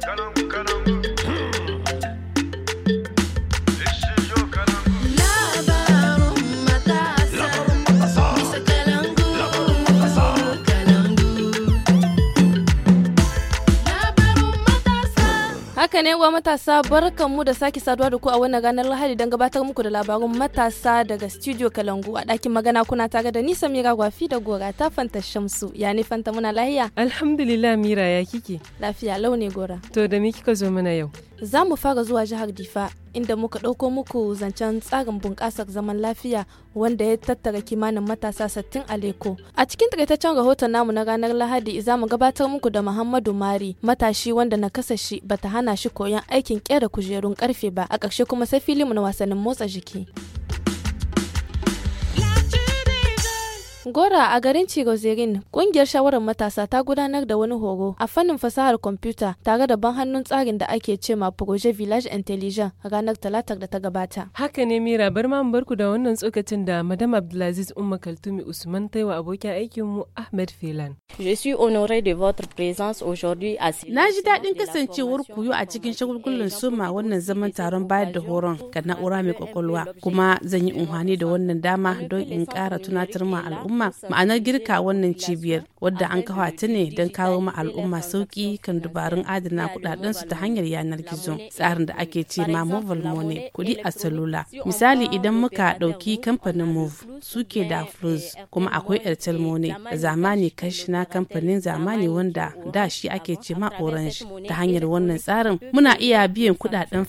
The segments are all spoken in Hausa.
Turn on. haka ne wa matasa mu da sake saduwa da ku a wannan ranar Lahadi don gabatar muku da labarun matasa daga studio Kalangu a ɗakin magana kuna tare da Nisa Mira Gwafi da Gora ta Fanta Shamsu. Ya ne Fanta muna lahiya? Alhamdulillah Mira ya kike? Lafiya launi Gora. To da me kika zo mana yau? za mu fara zuwa jihar difa inda muka ɗauko muku zancen tsarin bunƙasar zaman lafiya wanda ya tattara kimanin matasa sattin a leko a cikin takaitaccen rahoton namu na ranar lahadi za mu gabatar muku da muhammadu mari matashi wanda na kasa shi ta hana shi koyon aikin kera kujerun karfe ba a ƙarshe kuma sai filimu na wasannin motsa jiki Gora a garin Cigozirin, kungiyar shawarar matasa ta gudanar da wani horo a fannin fasahar kwamfuta tare da ban hannun tsarin da ake cema Projet Village Intelligent ranar talatar da ta gabata. Haka ne Mira, bar ma bar barku da wannan tsokacin da Madam Abdulaziz Umma Kaltumi Usman ta yi wa abokin aikinmu Ahmed Filan. Je suis honoré de votre présence aujourd'hui à Na ji daɗin kasancewar ku a cikin shagulgulan suma wannan zaman taron bayar da horon ga na'ura mai kwakwalwa kuma zan yi unhani da wannan dama don in ƙara tunatar ma al'umma al'umma ma'anar girka wannan cibiyar wadda an kawo ta ne don kawo ma al'umma sauki kan dubarun adana kudaden su ta hanyar yanar gizo tsarin da ake ce ma mobile money kudi a salula misali idan muka dauki kamfanin move suke da flows kuma akwai airtel money zamani kashi na kamfanin zamani wanda da shi ake ce ma orange ta hanyar wannan tsarin muna iya biyan kudaden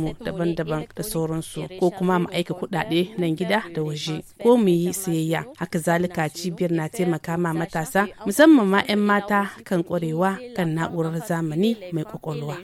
mu daban-daban da sauransu ko kuma mu aika kudade nan gida da waje ko mu yi sayayya haka zalika cibiyar na taimaka ma matasa musamman ma 'yan mata kan kwarewa kan na'urar zamani mai kwakwalwa.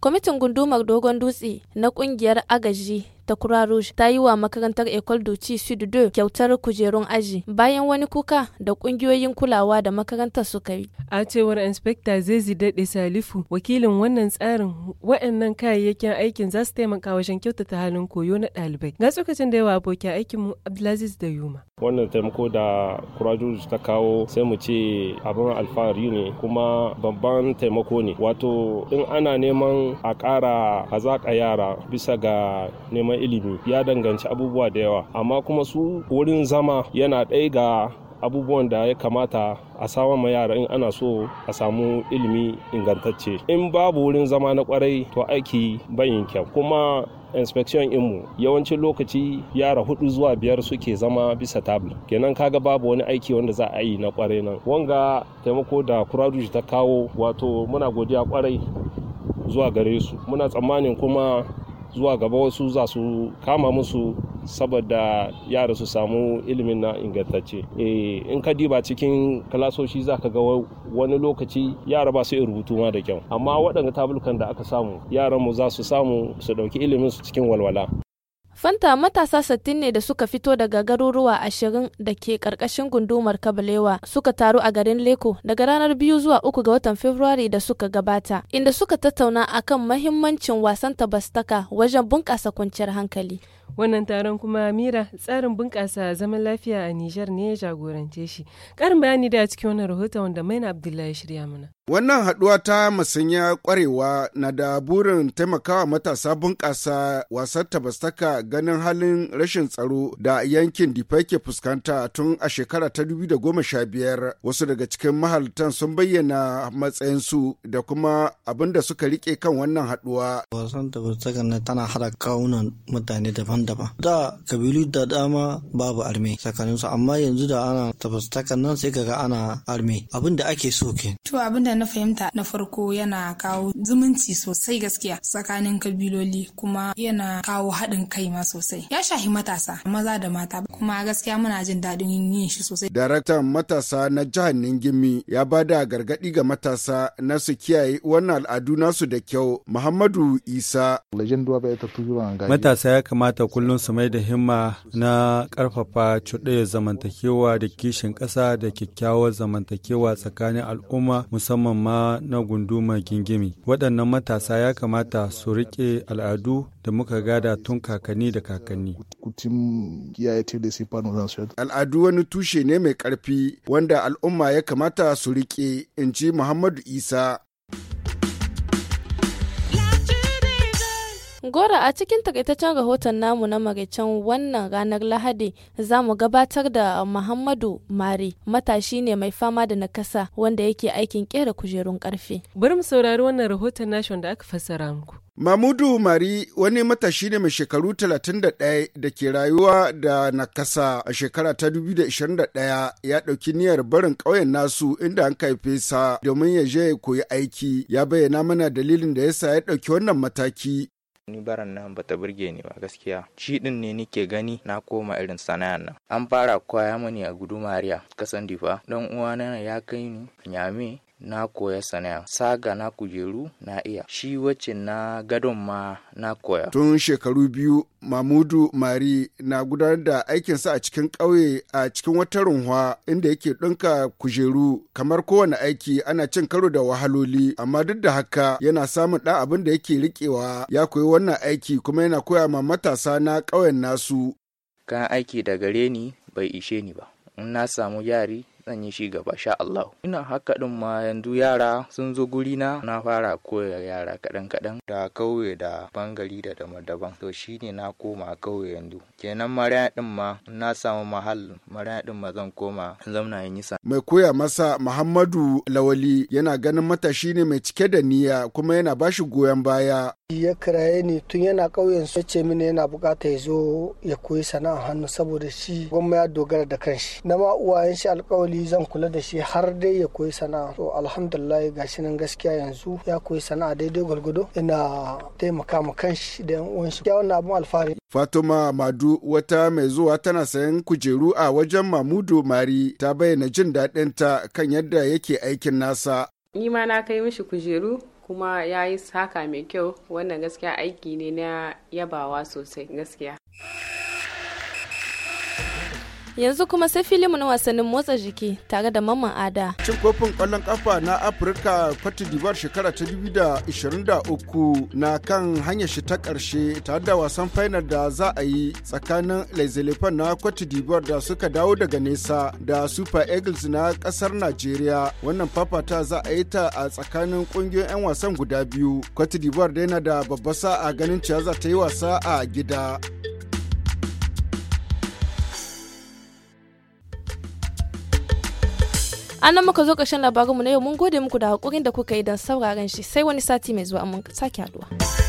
Kwamitin gundumar Dogon Dutse na kungiyar agaji ta Kura Rouge ta yi wa makarantar Ecole Duchi Sud 2 kyautar kujerun aji bayan wani kuka da kungiyoyin kulawa da makarantar suka yi. A cewar Inspector Zezi Dade Salifu, wakilin wannan tsarin waɗannan kayayyakin aikin za su taimaka wajen kyautata halin koyo na ɗalibai. Ga tsokacin da yawa abokin mu Abdulaziz da Yuma. Wannan taimako da Kura Rouge ta kawo sai mu ce abin alfahari ne kuma babban taimako ne. Wato in ana neman a ƙara hazaƙa yara bisa ga neman ilimi ya danganci abubuwa da yawa amma kuma su wurin zama yana ɗaya ga abubuwan da ya kamata a sama ma yara in ana so a samu ilimi ingantacce in babu wurin zama na kwarai to aiki bayin kyau kuma inspection inmu yawancin lokaci yara hudu zuwa biyar suke zama bisa tabla kenan kaga babu wani aiki wanda za a yi na kwarai nan wanga taimako da kuraduji ta kawo wato muna godiya kwarai zuwa gare su muna tsammanin kuma zuwa gaba wasu za su kama musu saboda yara su samu ilimin na ingantacce eh, in ka diba cikin kalasoshi za ka ga wani lokaci yara ba su yi rubutu ma da kyau amma waɗanda tabulkan da aka samu yaran mu za su samu su ɗauki ilimin su cikin walwala Fanta matasa sattin ne da suka fito daga garuruwa ashirin da ke karkashin gundumar Kabalewa suka taru a garin Leko daga ranar biyu zuwa uku ga watan Fabrairu da suka gabata, inda suka tattauna akan mahimmancin wasan tabastaka wajen bunƙasa kwanciyar hankali. Wannan taron kuma Mira tsarin bunƙasa zaman lafiya a Nijar ne ya jagorance shi. karin bayani da cikin wannan rahoton wanda Maina Abdullahi shirya mana. Wannan haɗuwa ta musanya ƙwarewa na da burin taimakawa matasa bunƙasa wasan tabastaka ganin halin rashin tsaro da yankin Difa ke fuskanta tun a shekara ta 2015. Wasu daga cikin mahalitan sun bayyana matsayinsu da kuma abin da suka riƙe kan wannan haɗuwa. Wasan tabastaka na tana haɗa kawunan mutane daban-daban. Da kabilu da dama babu arme tsakaninsu amma yanzu da ana tabastaka nan sai kaga ana arme abin da ake so ke. To abin da na fahimta na farko yana kawo zumunci sosai gaskiya tsakanin kabiloli kuma yana kawo haɗin kai ma sosai ya shahi matasa maza da mata kuma gaskiya muna jin daɗin yin shi sosai daraktan matasa na jihar ningimi ya ba da gargaɗi ga matasa na su kiyaye wannan al'adu nasu da kyau muhammadu isa matasa ya kamata kullum su mai da himma na ƙarfafa cuɗaya zamantakewa da kishin ƙasa da kyakkyawar zamantakewa tsakanin al'umma musamman musamman ma na gunduma gingimi. Waɗannan matasa ya kamata su riƙe al'adu da muka gada tun kakanni da kakanni. Al'adu wani tushe ne mai ƙarfi wanda al'umma ya kamata su riƙe, in ji Muhammadu Isa Gora a cikin takaitaccen rahoton namu na maraicen wannan ranar Lahadi za mu gabatar da Muhammadu Mari matashi ne mai fama da nakasa wanda yake aikin kera kujerun karfe. Bari mu saurari wannan rahoton nashon da aka fassara muku. Mamudu Mari wani matashi ne mai shekaru 31 da ke rayuwa da nakasa a shekara ta 2021 ya ɗauki niyyar barin ƙauyen nasu inda an kaife sa domin ya je koyi aiki ya bayyana mana dalilin da yasa ya ɗauki wannan mataki ni baran nan bata burge ni ba gaskiya shi din ne nike gani na koma irin sana'an nan an fara koya mani a gudumariya kasan difa dan uwana ya kai ni nyame na koya sana'a saga na kujeru na iya shi wacce na gadon ma na koya tun shekaru biyu mamudu mari na gudanar da aikinsa a cikin ƙauye a cikin wata runwa inda yake ɗinka kujeru kamar kowane aiki ana cin karo da wahaloli amma duk da haka yana samun ɗan abin da yake riƙewa ya koyi wannan aiki kuma yana koya ma matasa na ƙauyen nasu kan aiki da gare ni bai ishe ni ba in na samu yari zan yi shi gaba sha Allah ina haka ɗin ma yanzu yara sun zo guri na na fara koya yara kaɗan kaɗan da kauye da bangali da daban daban to shi ne na koma kauye yanzu kenan mara din ma na samu mahal mara din ma zan koma zamna yin nisa. mai koya masa Muhammadu Lawali yana ganin matashi ne mai cike da niyya kuma yana ba shi goyon baya ya kiraye ni tun yana ƙauyen su ce mini yana bukata ya zo ya koyi sana'a hannu saboda shi gwamma ya dogara da kanshi na ma uwayen shi alkawali hankali zan kula da shi har dai ya koyi sana'a to alhamdulillah shi nan gaskiya yanzu ya koyi sana'a daidai gwalgwado ina taimaka ma kanshi da yan uwan shi wannan abun alfahari Fatuma Madu wata mai zuwa tana sayan kujeru a wajen Mamudu Mari ta bayyana jin daɗin ta kan yadda yake aikin nasa. Ni ma na kai mishi kujeru kuma ya yi saka mai kyau wannan gaskiya aiki ne na yabawa sosai gaskiya. Yanzu kuma sai filimu na wasannin motsa jiki tare da Mamman Ada. Cin kofin kwallon kafa na Afirka Cote d'Ivoire shekara ta 2023 na kan hanyar shi ta ƙarshe tare da wasan final da za a yi tsakanin Les na Cote d'Ivoire da suka dawo daga nesa da Super Eagles na ƙasar Najeriya. Wannan fafata za a yi ta a tsakanin ƙungiyoyin 'yan wasan guda biyu. Cote d'Ivoire da yana da babbar sa'a ganin cewa za ta yi wasa a gida. an nan muka zo ƙarshen labarinmu na yau mun gode muku da haƙurin da kuka yi don sauraron shi sai wani sati mai zuwa mun sake haɗuwa.